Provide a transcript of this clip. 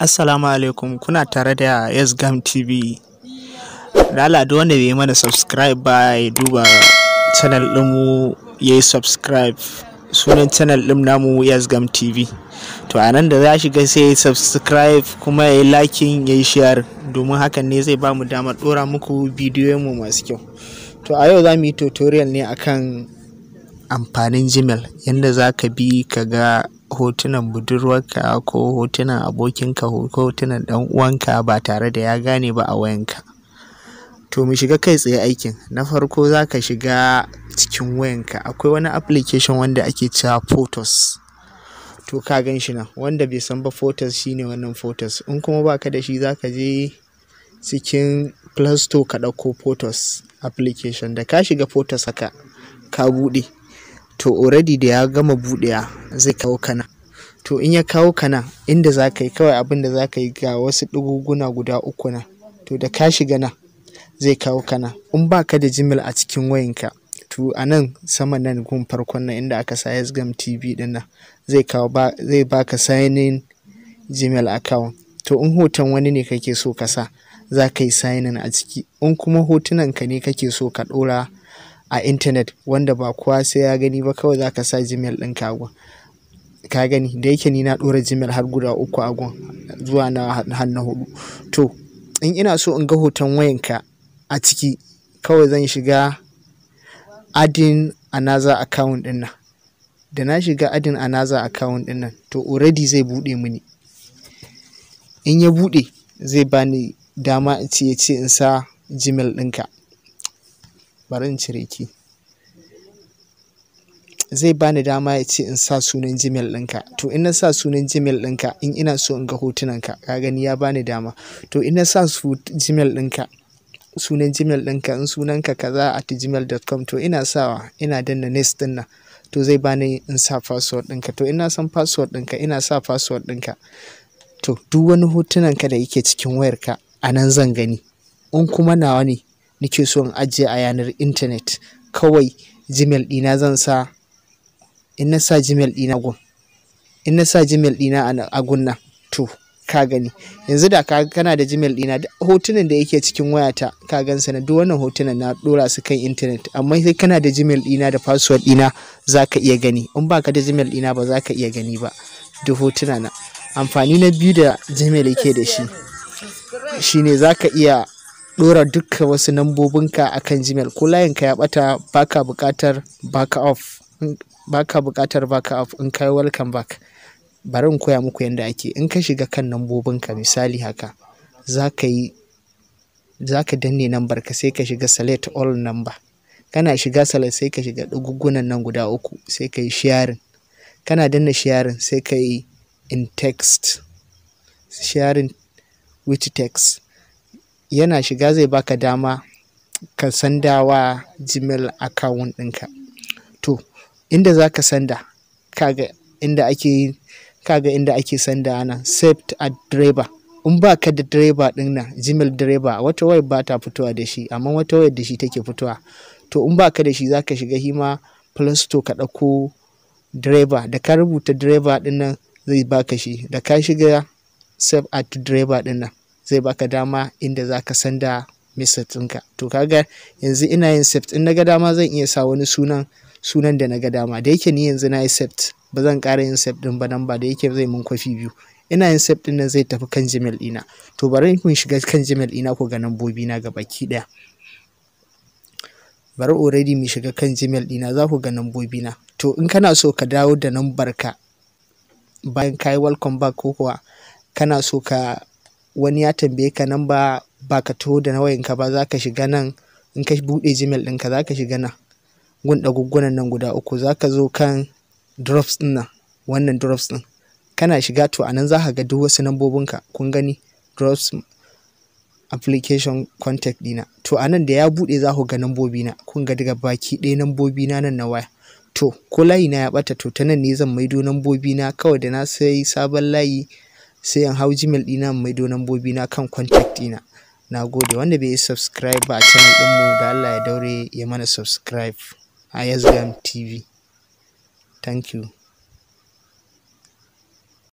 Assalamu alaikum kuna tare da Yesgam TV. Lala wanda bai mana subscribe ba ya duba channel mu ya yi subscribe sunan channel ɗin namu Yesgam TV. To a nan da za shiga sai ya subscribe kuma ya yi liking ya yi share domin hakan ne zai ba mu damar ɗora muku bidiyoyinmu masu kyau. To a yau za mu yi tutorial ne akan amfanin Gmail yadda za ka bi ka ga hotunan budurwarka ko hotunan abokinka ko hotunan ɗan uwanka ba tare da ya gane ba a wayanka. To mu shiga kai tsaye aikin. Na farko za ka shiga cikin wayanka. Akwai wani application wanda ake cewa Photos. To ka gan shi nan. Wanda bai san ba Photos shine wannan Photos. In kuma baka da shi za ka je cikin Play Store ka ɗauko Photos application. Da ka shiga Photos haka ka buɗe. To already da ya gama budewa zai kawo kana. to in ya kawo kana inda za ka yi kawai abin da za ka yi ga wasu ɗuguguna guda uku na to da ka shiga na zai kawo kana in ba ka da jimil a cikin wayanka to a nan sama nan gun farkon nan inda aka sa sgam tv din nan zai kawo ba zai baka signing a account to in hoton wani ne kake so ka sa za ka yi signing a ciki in kuma hotunan ka ne kake so ka ɗora a intanet wanda ba kowa sai ya gani ba kawai za ka sa jimil ɗin ka ka gani da yake ni na dora jimil har guda uku a gun zuwa na har hudu to in ina so in ga hoton wayanka a ciki kawai zan shiga adin another account din nan da na shiga adin another account din nan to already zai bude mini in ya bude zai bani dama in ce ya ce in sa gmail ɗinka bari in cire ki zai bani dama ya ce in sa sunan jimil ɗinka to in na sa sunan jimil ɗinka in ina so in ga hotunanka ka gani ya bani dama to in na sa su Gmail ɗinka sunan jimil ɗinka in sunanka kaza a gmail.com to ina sawa ina danna next ɗin nan to zai bani in sa password ɗinka to ina san password ɗinka ina sa password ɗinka to duk wani hotunanka da yake cikin wayarka a nan zan gani in kuma nawa ne nake so in ajiye a yanar intanet kawai jimil ɗina zan sa in na sa jimel ɗina gun in na sa jimel ɗina a gunna to ka gani yanzu da ka kana da jimel ɗina hotunan da yake cikin wayata ka gansa na duk wannan hotunan na dora su kan intanet amma sai kana da jimel ɗina da password ɗina za ka iya gani in baka da jimel ɗina ba za ka iya gani ba duk hotuna na amfani na biyu da jimel yake da shi shine za ka iya dora duka wasu nambobinka akan jimel ko layinka ya bata baka bukatar baka off baka bukatar baka up in kai welcome back bari in koya muku yadda ake in ka shiga kan nambobin ka misali haka zaka yi zaka danne number ka sai ka shiga select all number kana shiga select sai ka shiga dugugunan nan guda uku sai ka yi sharing kana danna sharing sai ka yi in text sharing with text yana shiga zai baka dama ka sanda wa gmail account ɗinka inda za ka sanda kaga inda ake kaga inda ake sanda nan saved a driver in ba ka da direba din nan jimil direba wata wayar ba ta fitowa da shi amma wata wayar da shi take fitowa to in ba ka da shi za ka shiga hima plus to ka ɗauko direba da ka rubuta direba din nan zai ka shi da ka shiga save at direba din nan zai ka dama inda za ka sanda message ɗinka to kaga yanzu ina yin save in na ga dama zan iya sa wani sunan sunan da na ga dama da yake ni yanzu na yi sept ba zan ƙara yin sept ɗin ba nan ba da yake zai mun kwafi biyu ina yin sept ɗin nan zai tafi kan jimel ina to bari kun shiga kan jimel ina ko ga nambobi na ga baki ɗaya bari already mu shiga kan jimel ɗina za ku ga nambobi na to in kana so ka dawo da nan barka bayan ka welcome back ko kuwa kana so ka wani ya tambaye ka nan ba ba ka taho da nawayinka ba za ka shiga nan in ka buɗe jimel ɗinka za ka shiga nan gun ɗaguggunan nan guda uku za ka zo kan drops din nan wannan drops ɗin kana shiga to a za ka ga duk wasu nambobinka kun gani drops application contact dina to a da ya bude za ku ga nambobina kun ga daga baki ɗaya nambobina nan na waya to ko layi na ya bata to ta nan ne zan maido nambobina kawai da na sai sabon layi sai in hau gmail ɗina in maido na kan contact dina. na gode wanda bai yi subscribe ba a channel ɗinmu da Allah ya daure ya mana subscribe ISGAM TV. Thank you.